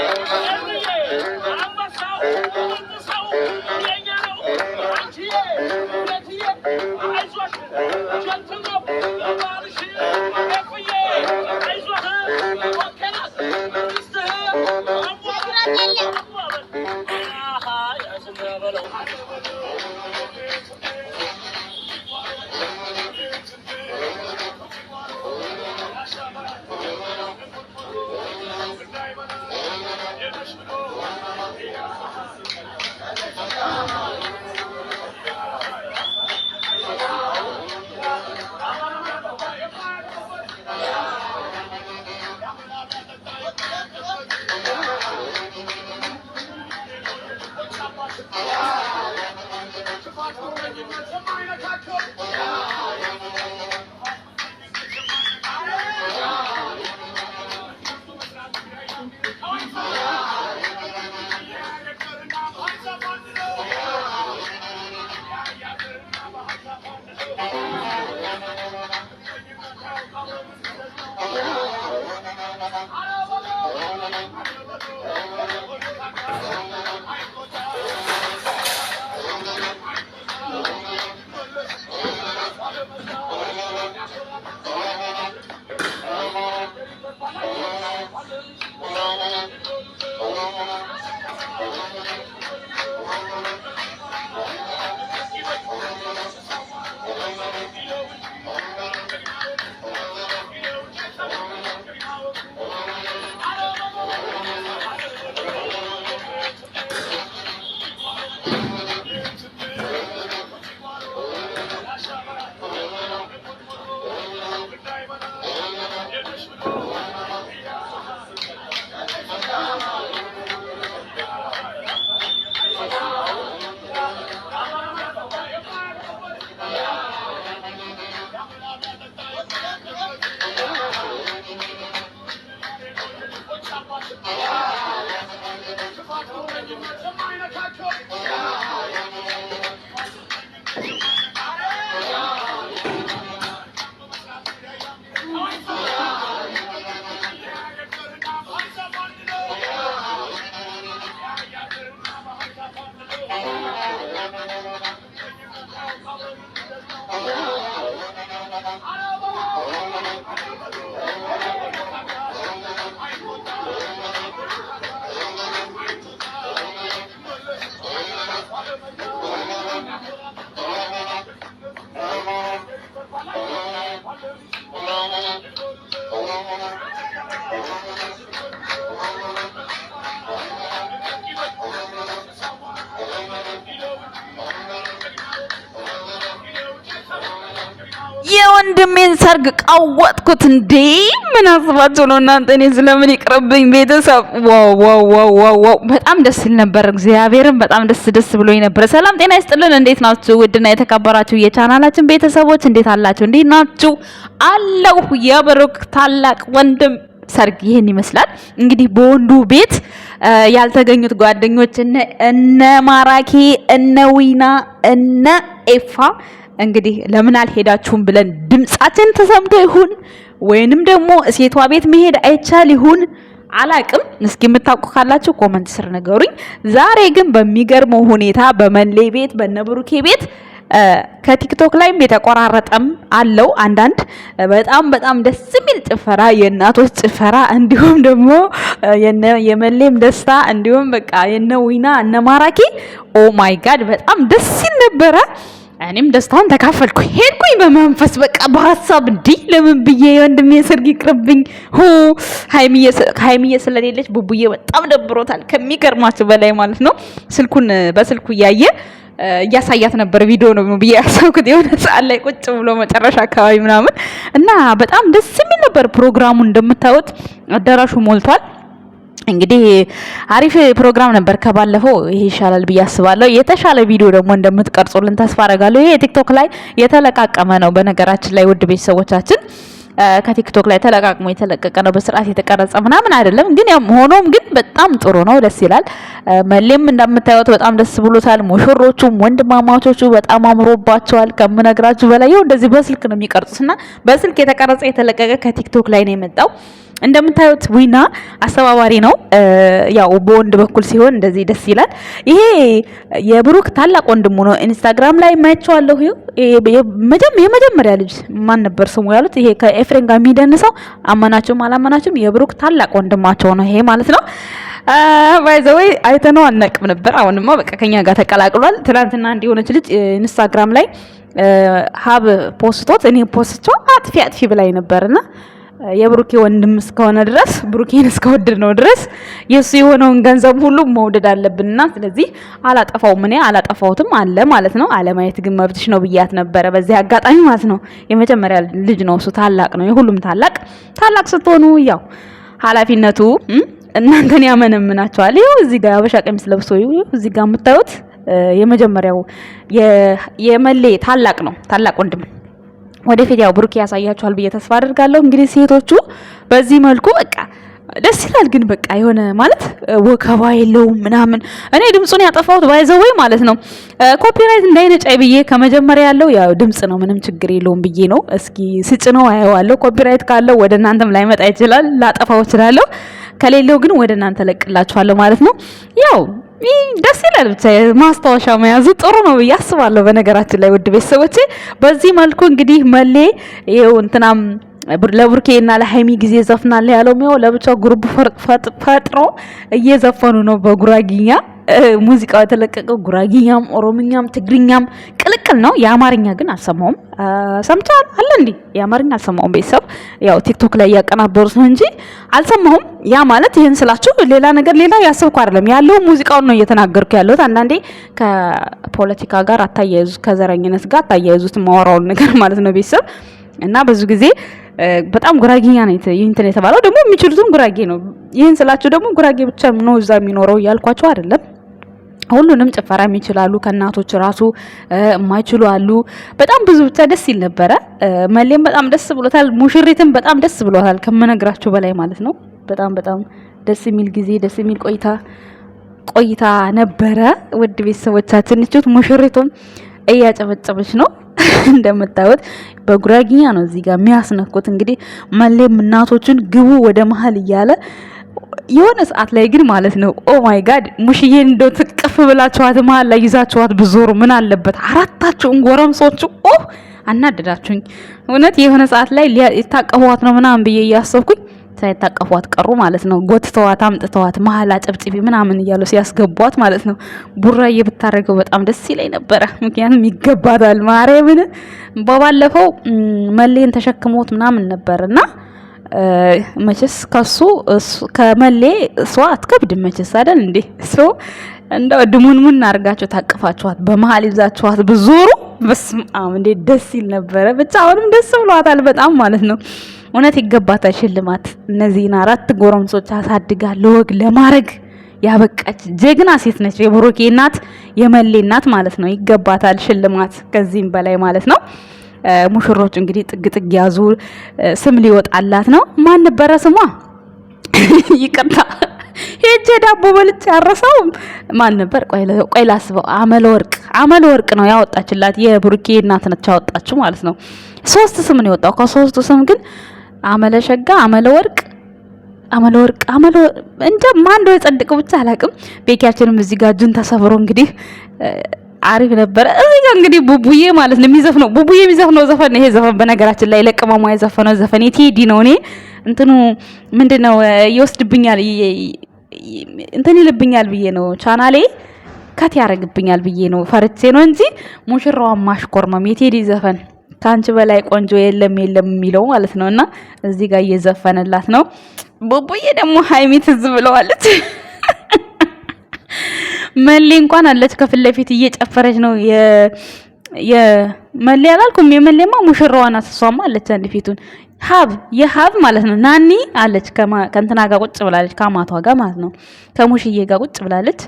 Thank you. የወንድሜን ሰርግ ቀወጥኩት እንዴ! ምን አስባቸው ነው እናንተ? እኔ ስለምን ይቅርብኝ ቤተሰብ። ዋው በጣም ደስ ይል ነበር። እግዚአብሔርም በጣም ደስ ደስ ብሎ ነበር። ሰላም ጤና ይስጥልን። እንዴት ናችሁ? ውድና የተከበራችሁ የቻናላችን ቤተሰቦች እንዴት አላችሁ? እንዴት ናችሁ? አለሁ። የብሩክ ታላቅ ወንድም ሰርግ ይሄን ይመስላል እንግዲህ በወንዱ ቤት ያልተገኙት ጓደኞች እነ ማራኪ እነ ዊና እነ ኤፋ እንግዲህ ለምን አልሄዳችሁም ብለን ድምጻችን ተሰምቶ ይሁን ወይንም ደግሞ ሴቷ ቤት መሄድ አይቻል ይሁን አላቅም። እስኪ የምታውቁ ካላችሁ ኮመንት ስር ነገሩኝ። ዛሬ ግን በሚገርመው ሁኔታ በመሌ ቤት በነብሩኬ ቤት ከቲክቶክ ላይም የተቆራረጠም አለው። አንዳንድ በጣም በጣም ደስ የሚል ጭፈራ፣ የእናቶች ጭፈራ እንዲሁም ደግሞ የመሌም ደስታ እንዲሁም በቃ የነ ዊና እነ ማራኪ ኦ ማይ ጋድ በጣም ደስ ይል ነበረ። እኔም ደስታውን ተካፈልኩኝ። ሄድኩኝ በመንፈስ በቃ በሀሳብ እንዲህ ለምን ብዬ ወንድሜ ሰርግ ይቅርብኝ። ሀይሚዬ ስለሌለች ቡቡዬ በጣም ደብሮታል ከሚገርማችሁ በላይ ማለት ነው። ስልኩን በስልኩ እያየ እያሳያት ነበር። ቪዲዮ ነው ብዬ ያሰብኩት የሆነ ሰዓት ላይ ቁጭ ብሎ መጨረሻ አካባቢ ምናምን እና በጣም ደስ የሚል ነበር ፕሮግራሙ። እንደምታዩት አዳራሹ ሞልቷል። እንግዲህ አሪፍ ፕሮግራም ነበር ከባለፈው። ይሄ ይሻላል ብዬ አስባለሁ። የተሻለ ቪዲዮ ደግሞ እንደምትቀርጹልን ተስፋ አረጋለሁ። ይሄ ቲክቶክ ላይ የተለቃቀመ ነው በነገራችን ላይ ውድ ቤተሰቦቻችን ከቲክቶክ ላይ ተለቃቅሞ የተለቀቀ ነው፣ በስርዓት የተቀረጸ ምናምን አይደለም። ግን ሆኖም ግን በጣም ጥሩ ነው፣ ደስ ይላል። መሌም እንደምታዩት በጣም ደስ ብሎታል። ሙሽሮቹም ወንድማማቾቹ በጣም አምሮባቸዋል ከምነግራችሁ በላይ። ይኸው እንደዚህ በስልክ ነው የሚቀርጹትና በስልክ የተቀረጸ የተለቀቀ ከቲክቶክ ላይ ነው የመጣው። እንደምታዩት ዊና አስተባባሪ ነው። ያው በወንድ በኩል ሲሆን እንደዚህ ደስ ይላል። ይሄ የብሩክ ታላቅ ወንድሙ ነው። ኢንስታግራም ላይ ማያቸዋለሁ። የመጀመሪያ ልጅ ማን ነበር ስሙ ያሉት? ይሄ ከኤፍሬም ጋር የሚደንሰው አመናችሁም አላመናችሁም የብሩክ ታላቅ ወንድማቸው ነው። ይሄ ማለት ነው። ባይዘወይ አይተነው አናቅም ነበር። አሁንማ በቃ ከኛ ጋር ተቀላቅሏል። ትናንትና እንዲህ የሆነች ልጅ ኢንስታግራም ላይ ሀብ ፖስቶት እኔ ፖስቸው አጥፊ አጥፊ ብላይ ነበርና የብሩኬ ወንድም እስከሆነ ድረስ ብሩኬን እስከወደድ ነው ድረስ የእሱ የሆነውን ገንዘብ ሁሉ መውደድ አለብንና፣ ስለዚህ አላጠፋውም፣ እኔ አላጠፋውትም አለ ማለት ነው። አለማየት ግን መብትሽ ነው ብያት ነበረ፣ በዚህ አጋጣሚ ማለት ነው። የመጀመሪያ ልጅ ነው እሱ፣ ታላቅ ነው፣ የሁሉም ታላቅ። ታላቅ ስትሆኑ ያው ኃላፊነቱ እናንተን ያመነምናቸዋል። ይኸው እዚህ ጋር አበሻ ቀሚስ ለብሶ እዚህ ጋር የምታዩት የመጀመሪያው የመሌ ታላቅ ነው፣ ታላቅ ወንድም ወደፊት ያው ብሩክ ያሳያችኋል ብዬ ተስፋ አድርጋለሁ። እንግዲህ ሴቶቹ በዚህ መልኩ በቃ ደስ ይላል። ግን በቃ የሆነ ማለት ወከባ የለውም ምናምን። እኔ ድምፁን ያጠፋሁት ባይዘወይ ማለት ነው ኮፒራይት እንዳይነጫይ ብዬ ከመጀመሪያ ያለው ያው ድምፅ ነው፣ ምንም ችግር የለውም ብዬ ነው። እስኪ ስጭ ነው አየዋለሁ። ኮፒራይት ካለው ወደ እናንተም ላይመጣ ይችላል፣ ላጠፋው እችላለሁ። ከሌለው ግን ወደ እናንተ ለቅላችኋለሁ ማለት ነው ያው ደስ ይላል። ብቻ ማስታወሻ መያዙ ጥሩ ነው ብዬ አስባለሁ። በነገራችን ላይ ውድ ቤተሰቦቼ በዚህ መልኩ እንግዲህ መሌ ይኸው እንትናም ለቡርኬና ለሀይሚ ጊዜ ዘፍናለ ያለው ሚው ለብቻው ፈጥሮ እየዘፈኑ ነው በጉራጊኛ ሙዚቃው የተለቀቀው ጉራጊኛም፣ ኦሮምኛም፣ ትግርኛም ቅልቅል ነው። የአማርኛ ግን አልሰማውም። ሰምቷል አለ እንዲ የአማርኛ አልሰማውም። ቤተሰብ ያው ቲክቶክ ላይ እያቀናበሩት ነው እንጂ አልሰማሁም። ያ ማለት ይህን ስላችሁ ሌላ ነገር ሌላ ያሰብኩ አይደለም። ያለው ሙዚቃውን ነው እየተናገርኩ ያለሁት። አንዳንዴ ከፖለቲካ ጋር አታያይዙት፣ ከዘረኝነት ጋር አታያይዙት ማወራውን ነገር ማለት ነው ቤተሰብ እና ብዙ ጊዜ በጣም ጉራጌኛ ነው እንትን የተባለው ደግሞ የሚችሉትም ጉራጌ ነው። ይህን ስላችሁ ደግሞ ጉራጌ ብቻ ነው እዛ የሚኖረው እያልኳቸው አይደለም። ሁሉንም ጭፈራም ይችላሉ። ከእናቶች ራሱ የማይችሉ አሉ። በጣም ብዙ ብቻ ደስ ይል ነበረ። መሌም በጣም ደስ ብሎታል። ሙሽሪትም በጣም ደስ ብሎታል ከምነግራችሁ በላይ ማለት ነው። በጣም በጣም ደስ የሚል ጊዜ ደስ የሚል ቆይታ ቆይታ ነበረ። ውድ ቤተሰቦቻችን እችት ሙሽሪቱም እያጨበጨበች ነው እንደምታዩት በጉራጊኛ ነው እዚህ ጋር የሚያስነኩት። እንግዲህ መሌም እናቶችን ግቡ ወደ መሀል እያለ የሆነ ሰዓት ላይ ግን ማለት ነው ኦ ማይ ጋድ ሙሽዬን እንደ ትቅፍ ብላችኋት መሀል ላይ ይዛችኋት ብዞሩ ምን አለበት? አራታችሁን ጎረምሶቹ ኦ አናደዳችሁኝ። እውነት የሆነ ሰዓት ላይ የታቀፏት ነው ምናምን ብዬ እያሰብኩኝ ሳይታቀፏት ቀሩ ማለት ነው። ጎትተዋት አምጥተዋት መሀል አጨብጭቢ ምናምን እያሉ ሲያስገቧት ማለት ነው። ቡራዬ ብታደርገው በጣም ደስ ይለኝ ነበረ፣ ምክንያቱም ይገባታል። ማርያምን በባለፈው መሌን ተሸክሞት ምናምን ነበር እና መቼስ ከሱ ከመሌ እሷ አትከብድም መቼስ አይደል እንዴ? እሱ እንደው ድሙንሙን አድርጋችሁ ታቅፋችኋት በመሀል ይዛችኋት ብዙሩ በስም አም እንዴ ደስ ይል ነበረ። ብቻ አሁንም ደስ ብሏታል በጣም ማለት ነው። እውነት ይገባታል ሽልማት። እነዚህን አራት ጎረምሶች አሳድጋ ለወግ ለማረግ ያበቃች ጀግና ሴት ነች። የብሩኬ እናት የመሌ እናት ማለት ነው። ይገባታል ሽልማት ከዚህም በላይ ማለት ነው። ሙሽሮች እንግዲህ ጥግ ጥግ ያዙ። ስም ሊወጣላት ነው። ማን ነበረ ስሟ? ይቅርታ ሄጄ ዳቦ በልቼ ያረሰው ማን ነበር? ቆይ ላስበው። አመል ወርቅ አመል ወርቅ ነው ያወጣችላት። የብሩኬ እናት ነች ያወጣችው ማለት ነው። ሶስት ስም ነው የወጣው። ከሶስቱ ስም ግን አመለ ሸጋ፣ አመለ ወርቅ አመለ ወርቅ አመለ እንደ ማን እንደው ብቻ አላቅም። ቤኪያችንም እዚህ ጋር እጁን ተሰብሮ እንግዲህ አሪፍ ነበረ። እዚህ ጋር እንግዲህ ቡቡዬ ማለት ነው የሚዘፍነው ቡቡዬ የሚዘፍነው ዘፈን ይሄ ዘፈን በነገራችን ላይ ለቅመሟ የዘፈነው ዘፈን የቴዲ ነው። እኔ እንትኑ ነው ይወስድብኛል እንትን ይልብኛል ብዬ ነው ቻናሌ ከት ያደርግብኛል ብዬ ነው ፈርቼ ነው እንጂ ሙሽራዋን ማሽኮርመም የቴዲ ዘፈን ከአንቺ በላይ ቆንጆ የለም የለም የሚለው ማለት ነው። እና እዚህ ጋር እየዘፈነላት ነው ቡቡዬ ደግሞ ሀይሚ ትዝ ብለዋለች። መሌ እንኳን አለች ከፊት ለፊት እየጨፈረች ነው የመሌ አላልኩም። የመሌማ ሙሽራዋ ናት እሷማ አለች። አንድ ፊቱን ሀብ የሀብ ማለት ነው። ናኒ አለች ከእንትና ጋር ቁጭ ብላለች፣ ከአማቷ ጋር ማለት ነው፣ ከሙሽዬ ጋር ቁጭ ብላለች።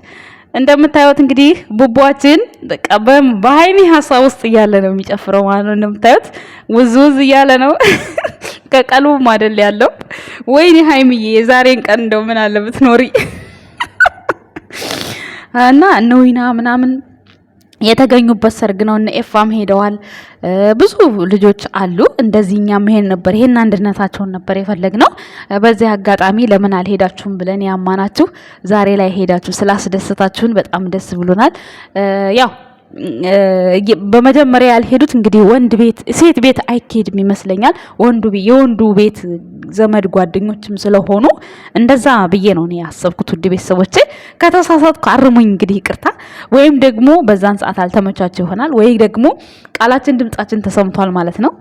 እንደምታዩት እንግዲህ ቡቧችን በቃ በሀይሚ ሀሳብ ውስጥ እያለ ነው የሚጨፍረው ማለት ነው። እንደምታዩት ውዝ ውዝ እያለ ነው ከቀልቡ ማደል ያለው። ወይኔ ሀይሚዬ የዛሬን ቀን እንደው ምን አለ ብትኖሪ እና ነውይና ምናምን የተገኙበት ሰርግ ነው። እነ ኤፋም ሄደዋል። ብዙ ልጆች አሉ። እንደዚህ እኛም ይሄን ነበር ይሄን አንድነታቸውን ነበር የፈለግ ነው። በዚህ አጋጣሚ ለምን አልሄዳችሁም ብለን ያማናችሁ ዛሬ ላይ ሄዳችሁ ስላስደሰታችሁን በጣም ደስ ብሎናል። ያው በመጀመሪያ ያልሄዱት እንግዲህ ወንድ ቤት ሴት ቤት አይኬድም ይመስለኛል። ወንዱ የወንዱ ቤት ዘመድ ጓደኞችም ስለሆኑ እንደዛ ብዬ ነው ያሰብኩት። ውድ ቤተሰቦቼ ከተሳሳትኩ አርሙኝ እንግዲህ ይቅርታ። ወይም ደግሞ በዛን ሰዓት አልተመቻቸው ይሆናል ወይ ደግሞ ቃላችን ድምጻችን ተሰምቷል ማለት ነው።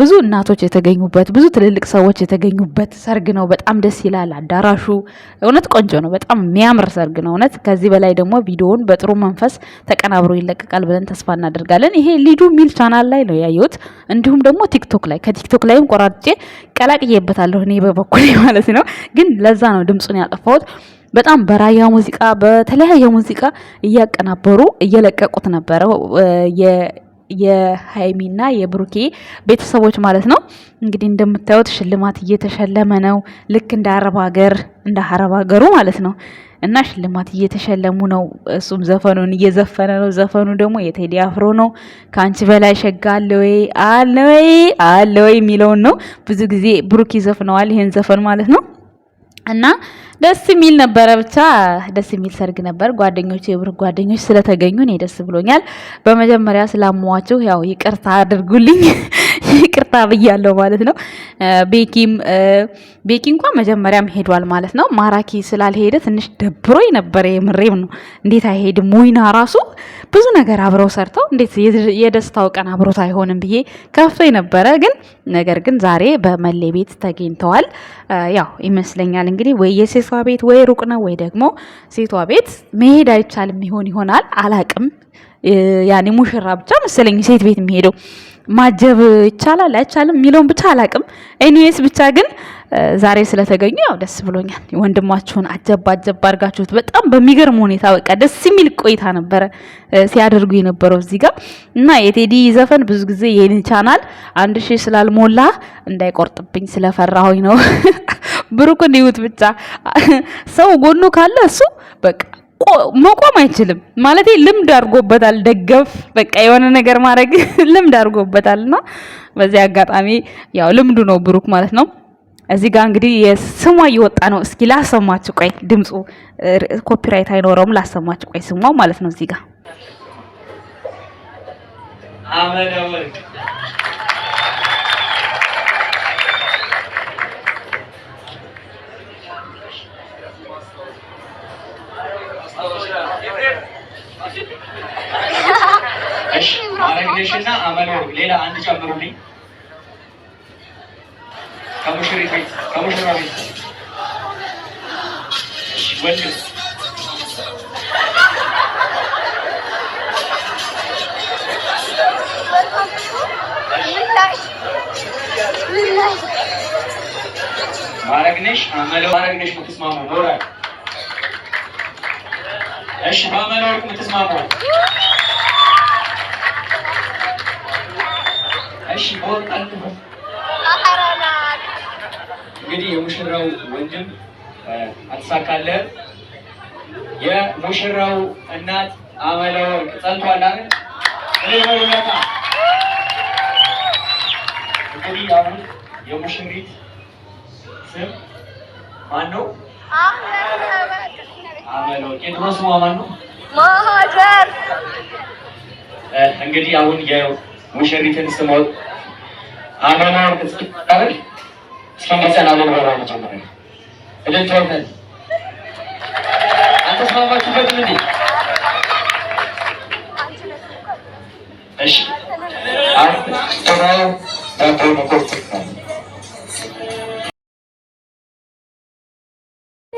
ብዙ እናቶች የተገኙበት ብዙ ትልልቅ ሰዎች የተገኙበት ሰርግ ነው። በጣም ደስ ይላል። አዳራሹ እውነት ቆንጆ ነው። በጣም የሚያምር ሰርግ ነው እውነት። ከዚህ በላይ ደግሞ ቪዲዮውን በጥሩ መንፈስ ተቀናብሮ ይለቀቃል ብለን ተስፋ እናደርጋለን። ይሄ ሊዱ ሚል ቻናል ላይ ነው ያየሁት፣ እንዲሁም ደግሞ ቲክቶክ ላይ ከቲክቶክ ላይም ቆራርጬ ቀላቅዬበታለሁ እኔ በበኩሌ ማለት ነው። ግን ለዛ ነው ድምፁን ያጠፋሁት። በጣም በራያ ሙዚቃ በተለያየ ሙዚቃ እያቀናበሩ እየለቀቁት ነበረ። የሀይሚና የብሩኬ ቤተሰቦች ማለት ነው። እንግዲህ እንደምታዩት ሽልማት እየተሸለመ ነው። ልክ እንደ አረብ ሀገር እንደ አረብ ሀገሩ ማለት ነው እና ሽልማት እየተሸለሙ ነው። እሱም ዘፈኑን እየዘፈነ ነው። ዘፈኑ ደግሞ የቴዲ አፍሮ ነው። ከአንቺ በላይ ሸጋ አለ ወይ አለ ወይ አለ ወይ የሚለውን ነው። ብዙ ጊዜ ብሩክ ይዘፍነዋል ይሄን ዘፈን ማለት ነው። እና ደስ የሚል ነበረ። ብቻ ደስ የሚል ሰርግ ነበር። ጓደኞች የብር ጓደኞች ስለተገኙ እኔ ደስ ብሎኛል። በመጀመሪያ ስላሟችሁ ያው ይቅርታ አድርጉልኝ። ይቅርታ ብያለሁ ማለት ነው። ቤኪም ቤኪ እንኳን መጀመሪያም ሄዷል ማለት ነው። ማራኪ ስላልሄደ ትንሽ ደብሮ የነበረ የምሬም ነው። እንዴት አይሄድም? ሙይና ራሱ ብዙ ነገር አብረው ሰርተው እንዴት የደስታው ቀን አብሮት አይሆንም ብዬ ከፍቶ ነበረ። ግን ነገር ግን ዛሬ በመሌ ቤት ተገኝተዋል። ያው ይመስለኛል እንግዲህ ወይ የሴቷ ቤት ወይ ሩቅ ነው ወይ ደግሞ ሴቷ ቤት መሄድ አይቻልም ይሆን ይሆናል አላቅም። ያኔ ሙሽራ ብቻ መሰለኝ ሴት ቤት የሚሄደው ማጀብ ይቻላል አይቻልም የሚለውን ብቻ አላቅም። ኤኒዌይስ ብቻ ግን ዛሬ ስለተገኙ ያው ደስ ብሎኛል። ወንድማችሁን አጀብ አጀብ አድርጋችሁት በጣም በሚገርም ሁኔታ በቃ ደስ የሚል ቆይታ ነበረ ሲያደርጉ የነበረው እዚህ ጋር እና የቴዲ ዘፈን ብዙ ጊዜ ይህን ቻናል አንድ ሺህ ስላልሞላ እንዳይቆርጥብኝ ስለፈራሁኝ ነው። ብሩክን ይዩት ብቻ ሰው ጎኖ ካለ እሱ በቃ መቆም አይችልም ማለት ልምድ አድርጎበታል። ደገፍ በቃ የሆነ ነገር ማድረግ ልምድ አድርጎበታል። እና በዚህ አጋጣሚ ያው ልምዱ ነው ብሩክ ማለት ነው። እዚህ ጋር እንግዲህ የስሟ እየወጣ ነው። እስኪ ላሰማችሁ ቆይ፣ ድምፁ ኮፒራይት አይኖረውም። ላሰማችሁ ቆይ፣ ስሟ ማለት ነው እዚህ ጋር አረግነሽና አመሎ ሌላ አንድ ጨምሩልኝ። ከሙሽሪት ቤት ከሙሽራ ቤት ወንድ ማረግነሽ አመሎ ማረግነሽ የምትስማሙ ኖራ እሺ፣ በአመሎ የምትስማሙ እሺ እንግዲህ የሙሽራው ወንድም አልተሳካለህም። የሙሽራው እናት አመለወርቅ ጸንቷል አይደል? እንግዲህ አሁን የሙሽሪት ስም ማን ነው? አመለወርቅ። የድሮ ስሟ ማን ነው? ማሀጀር። እንግዲህ አሁን የሙሽሪትን ስም አመና እስኪታረግ እስከ መጸናሉ እንዴ? እሺ አሁን ተራው ዳቦ መቆርጥ ነው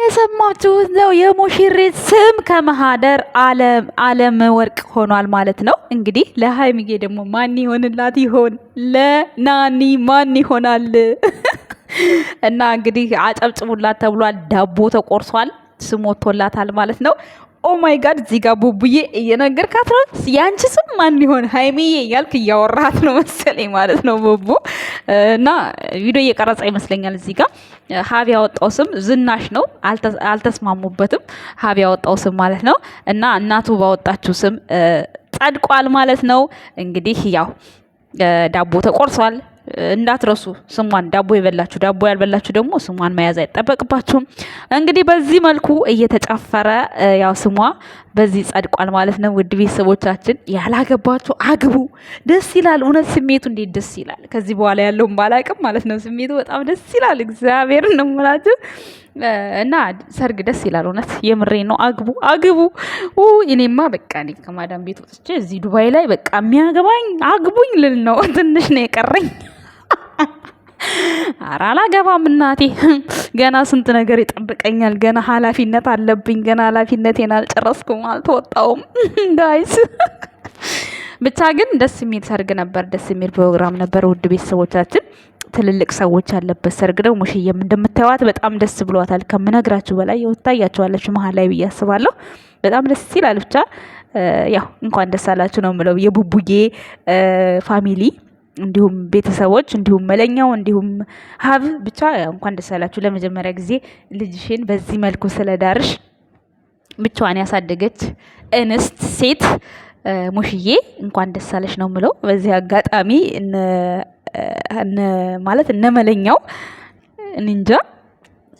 የሰማችሁት ነው። የሙሽሪት ስም ከመሃደር አለም ወርቅ ሆኗል ማለት ነው። እንግዲህ ለሀይሚዬ ደግሞ ማን ይሆንላት ይሆን? ለናኒ ማን ይሆናል? እና እንግዲህ አጨብጭቡላት ተብሏል። ዳቦ ተቆርሷል። ስም ወጥቶላታል ማለት ነው። ኦ ማይ ጋድ እዚህ ጋር ቡቡዬ እየነገርካት ነው። ያንቺ ስም ማን ሊሆን ሀይሚዬ እያልክ እያወራት ነው መሰለኝ ማለት ነው ቡቡ እና ቪዲዮ እየቀረጸ ይመስለኛል። እዚህ ጋር ሀብ ያወጣው ስም ዝናሽ ነው። አልተስማሙበትም። ሀብ ያወጣው ስም ማለት ነው እና እናቱ ባወጣችው ስም ጸድቋል ማለት ነው። እንግዲህ ያው ዳቦ ተቆርሷል። እንዳትረሱ ስሟን። ዳቦ የበላችሁ ዳቦ ያልበላችሁ ደግሞ ስሟን መያዝ አይጠበቅባችሁም። እንግዲህ በዚህ መልኩ እየተጫፈረ ያው ስሟ በዚህ ጸድቋል ማለት ነው። ውድ ቤተሰቦቻችን ያላገባችሁ አግቡ። ደስ ይላል። እውነት ስሜቱ እንዴት ደስ ይላል። ከዚህ በኋላ ያለውን ባላቅም ማለት ነው ስሜቱ በጣም ደስ ይላል። እግዚአብሔር ነው የምላችሁ እና ሰርግ ደስ ይላል። እውነት የምሬ ነው። አግቡ አግቡ። እኔማ በቃ ከማዳም ቤት ወጥቼ እዚህ ዱባይ ላይ በቃ የሚያገባኝ አግቡኝ ልል ነው። ትንሽ ነው የቀረኝ። ኧረ አላገባም እናቴ፣ ገና ስንት ነገር ይጠብቀኛል። ገና ኃላፊነት አለብኝ። ገና ኃላፊነቴን አልጨረስኩም፣ አልተወጣውም። ጋይስ ብቻ ግን ደስ የሚል ሰርግ ነበር፣ ደስ የሚል ፕሮግራም ነበር። ውድ ቤተሰቦቻችን ትልልቅ ሰዎች ያለበት ሰርግ ነው። ሙሽዬም እንደምታዩት በጣም ደስ ብሏታል ከምነግራችሁ በላይ ታያችኋለች መሀል ላይ ብዬ አስባለሁ። በጣም ደስ ይላል። ብቻ ያው እንኳን ደስ አላችሁ ነው የምለው የቡቡዬ ፋሚሊ እንዲሁም ቤተሰቦች እንዲሁም መለኛው እንዲሁም ሀብ ብቻ እንኳን ደስ አላችሁ። ለመጀመሪያ ጊዜ ልጅሽን በዚህ መልኩ ስለዳርሽ ብቻዋን ያሳደገች እንስት ሴት ሙሽዬ እንኳን ደስ አለሽ ነው ምለው። በዚህ አጋጣሚ ማለት እነ መለኛው እንጃ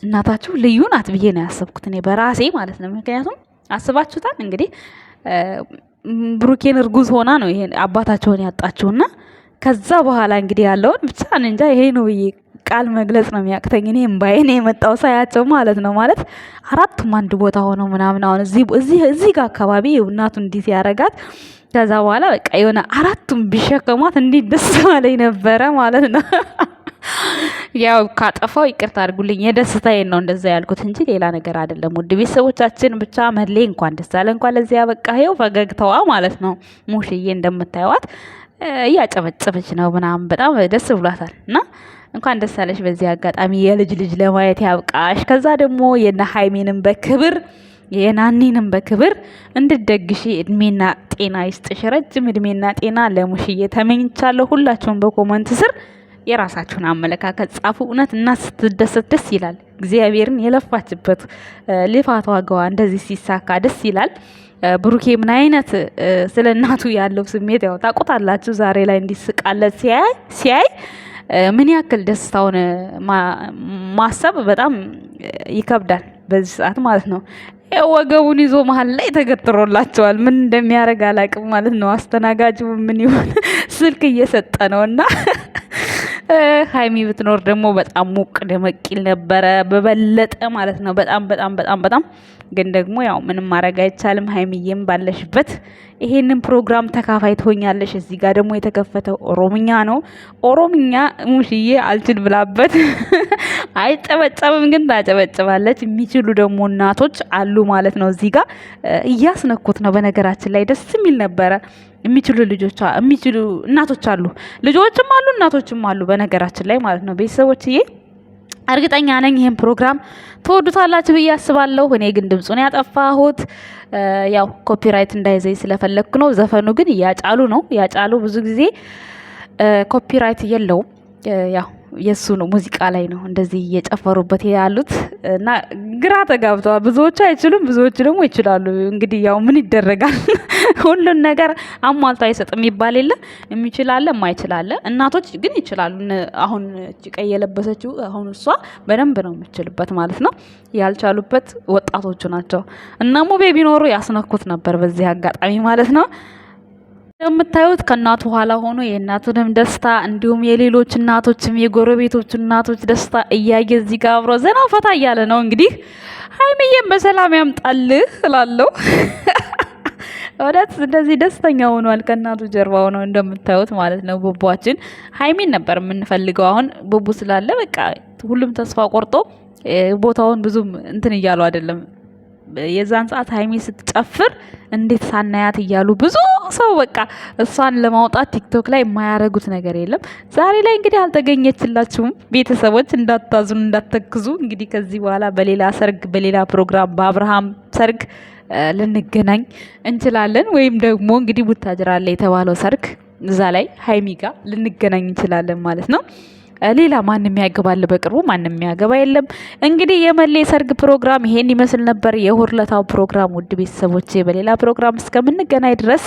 እናታችሁ ልዩ ናት ብዬ ነው ያሰብኩት እኔ በራሴ ማለት ነው። ምክንያቱም አስባችሁታል እንግዲህ ብሩኬን እርጉዝ ሆና ነው ይሄ አባታቸውን ያጣችሁና ከዛ በኋላ እንግዲህ ያለውን ብቻ እንጃ ይሄ ነው ብዬ ቃል መግለጽ ነው የሚያቅተኝ። እኔ እምባዬ የመጣው ሳያቸው ማለት ነው። ማለት አራቱም አንድ ቦታ ሆነው ምናምን አሁን እዚህ እዚህ ጋር አካባቢ እናቱ እንዲት ያረጋት ከዛ በኋላ በቃ የሆነ አራቱም ቢሸከሟት እንዴት ደስ ማለኝ ነበረ ማለት ነው። ያው ካጠፋው ይቅርታ አድርጉልኝ። የደስታዬን ነው እንደዛ ያልኩት እንጂ ሌላ ነገር አይደለም። ውድ ቤተሰቦቻችን ብቻ መሌ እንኳን ደስ አለ እንኳን ለዚያ በቃ ይኸው ፈገግታዋ ማለት ነው ሙሽዬ እንደምታየዋት እያጨበጨበች ነው ምናምን በጣም ደስ ብሏታል እና እንኳን ደስ አለሽ። በዚህ አጋጣሚ የልጅ ልጅ ለማየት ያብቃሽ። ከዛ ደግሞ የነ ሀይሜንም በክብር የናኒንም በክብር እንድደግሽ እድሜና ጤና ይስጥሽ። ረጅም እድሜና ጤና ለሙሽዬ ተመኝቻለሁ። ሁላችሁም በኮመንት ስር የራሳችሁን አመለካከት ጻፉ። እውነት እና ስትደሰት ደስ ይላል። እግዚአብሔርን የለፋችበት ልፋት ዋጋዋ እንደዚህ ሲሳካ ደስ ይላል። ብሩኬ ምን አይነት ስለ እናቱ ያለው ስሜት ያው ታውቁታላችሁ። ዛሬ ላይ እንዲስቃለት ሲያይ ምን ያክል ደስታውን ማሰብ በጣም ይከብዳል፣ በዚህ ሰዓት ማለት ነው። ወገቡን ይዞ መሀል ላይ ተገጥሮላቸዋል ምን እንደሚያደርግ አላቅም ማለት ነው። አስተናጋጁ ምን ይሆን ስልክ እየሰጠ ነው እና ሀይሚ ብትኖር ደግሞ በጣም ሙቅ ደመቂል ነበረ በበለጠ ማለት ነው። በጣም በጣም በጣም በጣም ግን ደግሞ ያው ምንም ማድረግ አይቻልም። ሀይሚዬም ባለሽበት ይሄንን ፕሮግራም ተካፋይ ትሆኛለሽ። እዚህ ጋር ደግሞ የተከፈተው ኦሮምኛ ነው። ኦሮምኛ ሙሽዬ አልችል ብላበት አይጨበጨብም፣ ግን ታጨበጭባለች። የሚችሉ ደግሞ እናቶች አሉ ማለት ነው። እዚህ ጋር እያስነኩት ነው። በነገራችን ላይ ደስ የሚል ነበረ። የሚችሉ ልጆች የሚችሉ እናቶች አሉ፣ ልጆችም አሉ፣ እናቶችም አሉ። በነገራችን ላይ ማለት ነው ቤተሰቦችዬ እርግጠኛ ነኝ ይህን ፕሮግራም ትወዱታላችሁ ብዬ አስባለሁ። እኔ ግን ድምፁን ያጠፋሁት ያው ኮፒራይት እንዳይዘኝ ስለፈለግኩ ነው። ዘፈኑ ግን እያጫሉ ነው። ያጫሉ ብዙ ጊዜ ኮፒራይት የለውም ያው የእሱ ነው ሙዚቃ ላይ ነው እንደዚህ እየጨፈሩበት ያሉት እና ግራ ተጋብተዋል። ብዙዎቹ አይችሉም፣ ብዙዎቹ ደግሞ ይችላሉ። እንግዲህ ያው ምን ይደረጋል፣ ሁሉን ነገር አሟልቶ አይሰጥም የሚባል የለ። የሚችላለ ማይችላለ። እናቶች ግን ይችላሉ። አሁን ቀይ የለበሰችው አሁን እሷ በደንብ ነው የምችልበት ማለት ነው። ያልቻሉበት ወጣቶቹ ናቸው። እና ሙቤ ቢኖሩ ያስነኩት ነበር በዚህ አጋጣሚ ማለት ነው። የምታዩት ከእናቱ ኋላ ሆኖ የእናቱንም ደስታ እንዲሁም የሌሎች እናቶችም የጎረቤቶች እናቶች ደስታ እያየ እዚህ ጋር አብሮ ዘና ፈታ እያለ ነው። እንግዲህ ሀይሚዬም በሰላም ያምጣልህ እላለሁ። እውነት እንደዚህ ደስተኛ ሆኗል። ከእናቱ ጀርባ ሆኖ እንደምታዩት ማለት ነው። ቡቧችን ሀይሚን ነበር የምንፈልገው። አሁን ቡቡ ስላለ በቃ ሁሉም ተስፋ ቆርጦ ቦታውን ብዙም እንትን እያሉ አይደለም የዛን ሰዓት ሀይሚ ስትጨፍር እንዴት ሳናያት እያሉ ብዙ ሰው በቃ እሷን ለማውጣት ቲክቶክ ላይ የማያደረጉት ነገር የለም። ዛሬ ላይ እንግዲህ አልተገኘችላችሁም። ቤተሰቦች እንዳታዝኑ፣ እንዳተክዙ። እንግዲህ ከዚህ በኋላ በሌላ ሰርግ፣ በሌላ ፕሮግራም በአብርሃም ሰርግ ልንገናኝ እንችላለን። ወይም ደግሞ እንግዲህ ቡታጅራ አለ የተባለው ሰርግ እዛ ላይ ሀይሚ ጋር ልንገናኝ እንችላለን ማለት ነው። ሌላ ማንም ያገባል፣ በቅርቡ ማንም ያገባ የለም። እንግዲህ የመሌ ሰርግ ፕሮግራም ይሄን ይመስል ነበር፣ የሁርለታው ፕሮግራም። ውድ ቤተሰቦቼ በሌላ ፕሮግራም እስከምንገናኝ ድረስ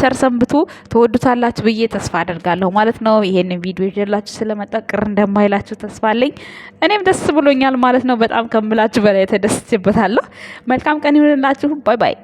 ቸር ሰንብቱ። ትወዱታላችሁ ብዬ ተስፋ አደርጋለሁ ማለት ነው። ይሄንን ቪዲዮ ይዤላችሁ ስለመጣ ቅር እንደማይላችሁ ተስፋ አለኝ። እኔም ደስ ብሎኛል ማለት ነው። በጣም ከምላችሁ በላይ ተደስቼበታለሁ። መልካም ቀን ይሁንላችሁ። ባይ ባይ።